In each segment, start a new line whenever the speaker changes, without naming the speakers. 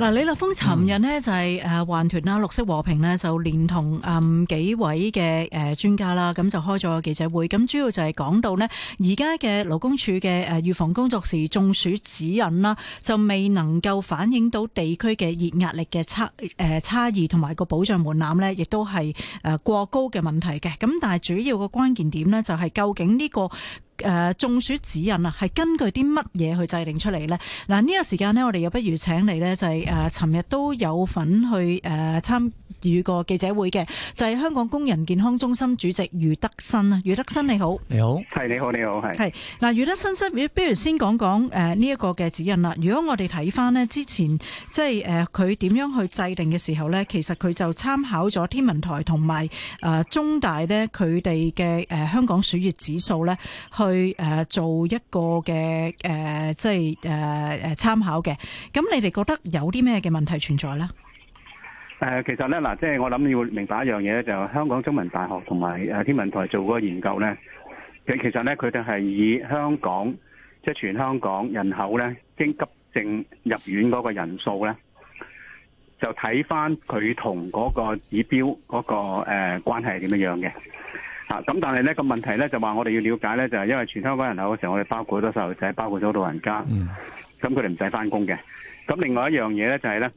嗱，李立峰尋日呢就係誒環團啦、綠色和平呢就連同啊幾位嘅誒專家啦，咁就開咗記者會，咁主要就係講到呢而家嘅勞工處嘅誒預防工作時中暑指引啦，就未能夠反映到地區嘅熱壓力嘅差誒差異同埋個保障門檻呢，亦都係誒過高嘅問題嘅。咁但係主要個關鍵點呢，就係究竟呢個。誒、呃，中暑指引啊，係根據啲乜嘢去制定出嚟呢？嗱、呃、呢、這個時間呢，我哋又不如請你呢，呢就係、是、誒，尋、呃、日都有份去誒、呃、參與個記者會嘅，就係、是、香港工人健康中心主席余德新啊。余德新你好，
你好。係、呃、你好，你好係係
嗱，余德新先，不如先講講誒呢一個嘅指引啦。如果我哋睇翻之前，即係誒佢點樣去制定嘅時候呢，其實佢就參考咗天文台同埋誒中大呢，佢哋嘅誒香港暑熱指數呢。去。去誒，做一個嘅誒，即係誒誒，參考嘅。咁你哋覺得有啲咩嘅問題存在咧？
誒，其實咧嗱，即係我諗你要明白一樣嘢咧，就香港中文大學同埋誒天文台做嗰個研究咧。其其實咧，佢哋係以香港，即係全香港人口咧，經急症入院嗰個人數咧，就睇翻佢同嗰個指標嗰個誒關係係點樣樣嘅。咁但係呢個問題呢，就話我哋要了解呢，就係、是、因為全香港人口嘅時候，我哋包括咗細路仔，包括咗老人家，咁佢哋唔使翻工嘅。咁另外一樣嘢呢，就係、是、呢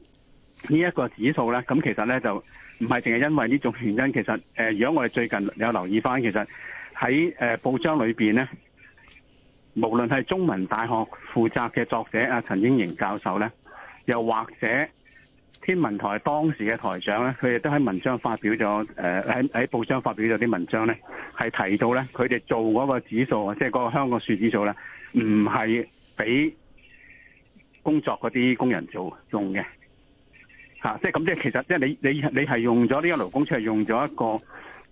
呢一、這個指數呢。咁其實呢，就唔係淨係因為呢種原因。其實誒、呃，如果我哋最近有留意翻，其實喺誒、呃、報章裏面呢，無論係中文大學負責嘅作者阿陳英凝教授呢，又或者，天文台當時嘅台長咧，佢亦都喺文章發表咗，誒喺喺報章發表咗啲文章咧，係提到咧，佢哋做嗰個指數，即係個香港暑熱指數咧，唔係俾工作嗰啲工人做用嘅，嚇、啊！即係咁，即係其實即係你你你係用咗呢一勞工處嚟用咗一個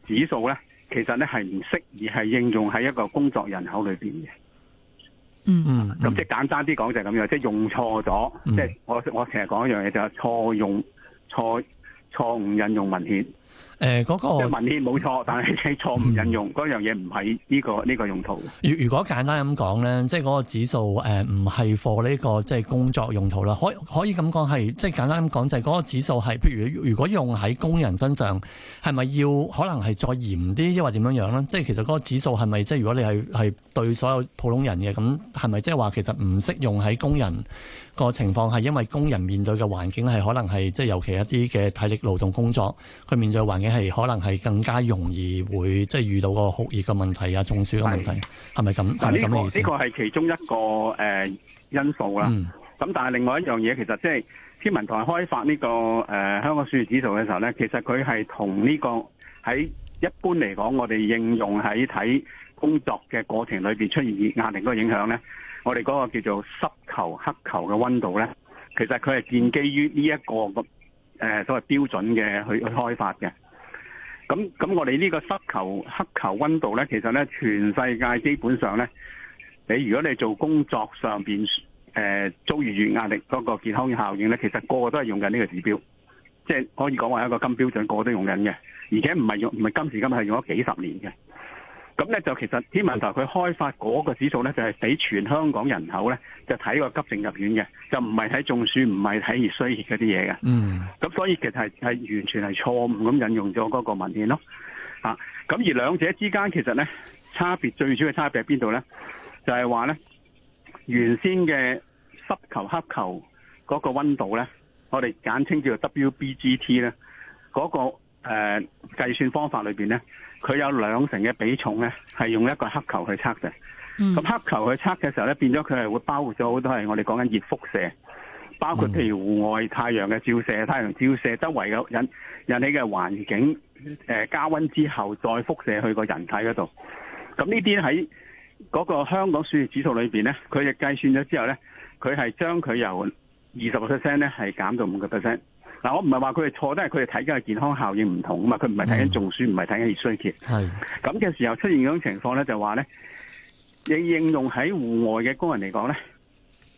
指數咧，其實咧係唔適宜係應用喺一個工作人口裏邊嘅。嗯，嗯，咁即係簡單啲講就係咁樣，即係用錯咗，即、嗯、係我我成日講一樣嘢就係、是、錯用、錯錯誤引用文獻。
誒、呃，嗰、那個即係文件
冇錯，但係係錯誤引用嗰樣嘢唔係呢個呢、這個用途。
如如果簡
單咁講咧，即係嗰個指數誒，唔係 for 呢個即係工作用途啦。可以可以咁講係，即係、就是、簡單咁講就係、是、嗰個指數係。譬如如果用喺工人身上，係咪要可能係再嚴啲，抑或點樣樣咧？即、就、係、是、其實嗰個指數係咪即係如果你係係對所有普通人嘅咁，係咪即係話其實唔適用喺工人個情況？係因為工人面對嘅環境係可能係即係尤其一啲嘅體力勞動工作，佢面對。環境係可能係更加容易會即係遇到個酷熱嘅問題啊，中暑嘅問題係咪咁？嗱呢、呢個呢、呢個係、呢個、其中一個誒、呃、因素啦。咁、嗯、但係另外一樣嘢，其實即係天文台開發呢、呢個誒、呃、香港暑熱指數嘅時候咧，其實佢係同呢個喺一般嚟講，我哋應用喺睇工作嘅過程裏邊出現熱壓力嗰個影響咧，我哋嗰個叫做濕球黑球嘅温度咧，其實佢係建基於呢、呢、一個咁。誒、呃、所謂標準嘅去去開發嘅。咁咁我哋呢個濕球黑球温度咧，其實咧全世界基本上咧，你如果你做工作上面誒、呃、遭遇住壓力嗰個健康嘅效應咧，其實個個都係用緊呢個指標，即、就、係、是、可以講話一個金標準，個個都用緊嘅，而且唔係用唔係今時今日係用咗幾十年嘅。咁咧就其實，天文台佢開發嗰個指數咧，就係俾全香港人口咧，就睇個急症入院嘅，就唔係睇中暑，唔係睇熱衰竭嗰啲嘢嘅。嗯。咁所以其實係係完全係錯誤咁引用咗嗰個文件咯。啊，咁而兩者之間其實咧差別最主要嘅差別喺邊度咧？就係話咧，原先嘅濕球黑球嗰個温度咧，我哋簡稱叫做 WBGT 咧，嗰個誒、呃、計算方法裏邊咧，佢有兩成嘅比重咧，係用一個黑球去測嘅。咁、嗯、黑球去測嘅時候咧，變咗佢係會包括咗好多係我哋講緊熱輻射，包括譬如戶外太陽嘅照射、太陽照射周圍嘅引引起嘅環境誒、呃、加溫之後再輻射去個人體嗰度。咁呢啲喺嗰個香港暑熱指數裏邊咧，佢亦計算咗之後咧，佢係將佢由二十個 percent 咧係減到五個 percent。嗱，我唔係話佢哋錯，都係佢哋睇緊嘅健康效應唔同啊嘛，佢唔係睇緊中暑，唔係睇緊熱衰竭。係咁嘅時候出現嗰種情況咧，就話咧，應應用喺戶外嘅工人嚟講咧，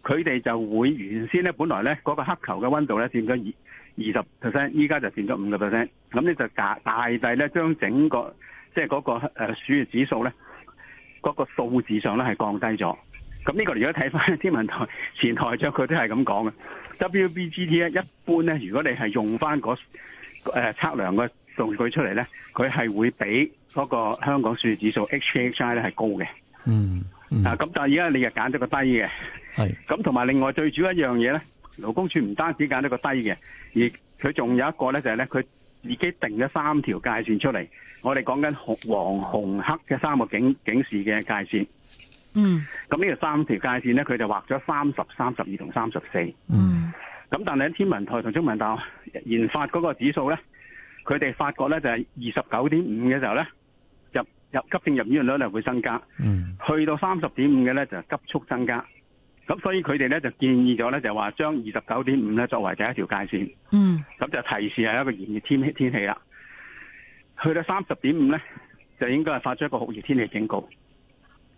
佢哋就會原先咧，本來咧嗰個黑球嘅溫度咧，佔咗二二十 percent，依家就佔咗五十 percent。咁咧就大大大咧將整個即係嗰個呃、暑熱指數咧，嗰、嗰個數字上咧係降低咗。咁、這、呢個如果睇翻天文台前台長，佢都係咁講嘅。WBGT 咧一般咧，如果你係用翻嗰誒測量嘅數據出嚟咧，佢係會比嗰個香港暑熱指數 HHI 咧係高嘅。嗯，嗯啊，咁但係而家你又揀咗個低嘅。係。咁同埋另外最主要一樣嘢咧，勞工處唔單止揀得個低嘅，而佢仲有一個咧就係咧，佢已經定咗三條界線出嚟。我哋講緊黃、紅、黑嘅三個警警示嘅界線。嗯，咁呢個三條界線咧，佢就畫咗三十、三十二同三十四。
嗯，
咁但係喺天文台同中文大學研發嗰個指數咧，佢哋發覺咧就係二十九點五嘅時候咧，入入急症入院嘅率會增加。嗯，去到三十點五嘅咧就急速增加。咁所以佢哋咧就建議咗咧就話將二十九點五咧作為第一條界線。嗯，咁就提示係一個炎熱天氣天氣啦。去到三十點五咧，就應該係發出一個酷熱天氣警告。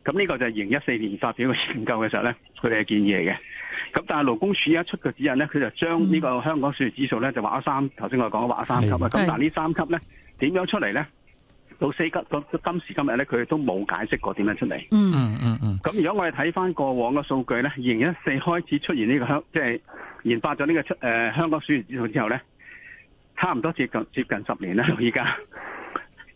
咁呢個就係二零一四年發表嘅研究嘅時候咧，佢哋嘅建議嚟嘅。咁但係勞工署一出嘅指引咧，佢就將呢個香港暑熱指數咧就劃咗三，頭先我講劃咗三級啊。咁但係呢三級咧點樣出嚟咧？到四級到今時今日咧，佢都冇解釋過點樣出嚟。嗯嗯嗯
嗯。
咁如果我哋睇翻過往嘅數據咧，二零一四開始出現呢、這個香，即、就、係、是、研發咗呢個出、呃、香港暑熱指數之後咧，差唔多接近接近十年啦，到而家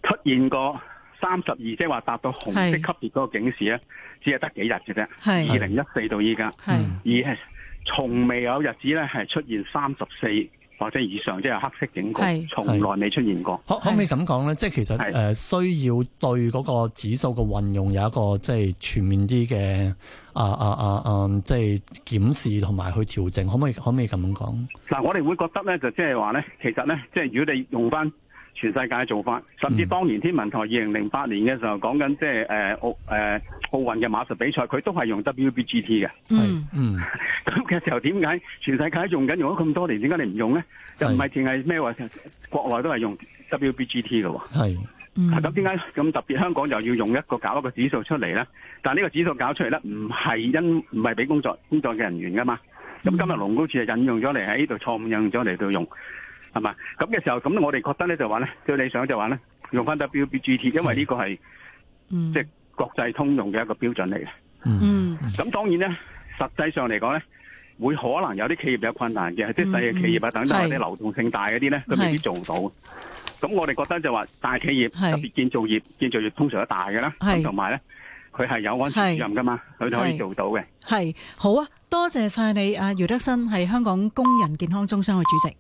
出現過。三十二，即係話達到紅色級別嗰個警示咧，只係得幾日嘅啫。二零一四到依家、嗯，而係從未有日子咧係出現三十四或者以上，即、就、係、係、黑色警告係，從來未出現過。可可唔可以咁講咧？即係其實誒需要對嗰個指數嘅運用有一個即係全面啲嘅啊啊啊啊，即係檢視同埋去調整。可唔可以可唔可以咁講？嗱、啊，我哋會覺得咧，就即係話咧，其實咧，即係如果你用翻，全世界做法，甚至當年天文台二零零八年嘅時候講緊，即係誒奧誒奧運嘅馬術比賽，佢都係用 WBGT 嘅。
嗯
嗯。咁 嘅時候點解全世界用緊用咗咁多年，點解你唔用咧？又唔係淨係咩話國內都係用 WBGT 嘅喎？係。咁點解咁特別香港就要用一個搞一個指數出嚟咧？但呢個指數搞出嚟咧，唔係因唔係俾工作工作嘅人員㗎嘛。咁、嗯、今日勞工處引用咗嚟喺呢度錯誤引用咗嚟到用。係嘛，咁嘅時候，咁我哋覺得咧就話咧最理想就話咧用翻 W B G T，因為呢個係即係國際通用嘅一個標準嚟嘅。
嗯，
咁當然咧，實際上嚟講咧會可能有啲企業有困難嘅，即係細嘅企業啊、嗯嗯，等等啲流動性大嗰啲咧，佢未必做到。咁我哋覺得就話大企業特別建造業，建造業通常都大嘅啦，同埋咧佢係有安全主任噶嘛，佢就可以做到嘅。
係好啊，多謝晒你啊，余德新係香港工人健康中心嘅主席。